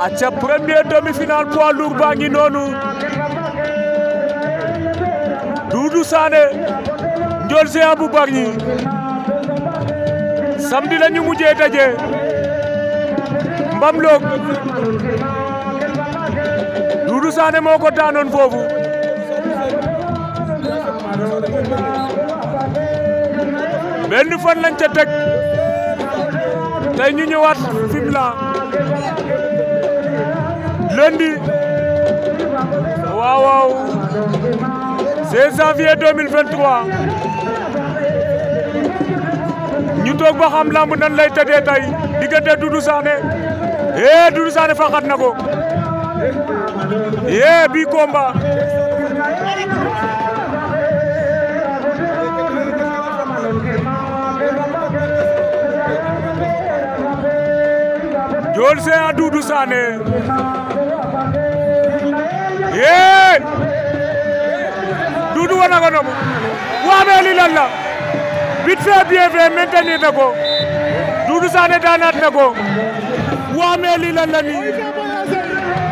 aca premier demi-finale poids lourd baa ngi noonu Doudou Sané Ndiol Géant bu Bargny samedi la ñu mujjee daje Mbamloog Doudou Sané moo ko daanoon foofu benn fan lañ ca teg tey ñu ñëwaat Fimela lundi waaw waaw 16 janvier 2023 ñu toog ba xam lamb nan lay tëddee tey diggante Doudou Sané eh Doudou Sané faxat na ko eh bii combat Ndiol Géant Doudou Sané yee Doudou wane ko noonu waamee li lan la vite fait bien fait maintenir na ko Doudou Sané daanaat na ko waamee li lan la nii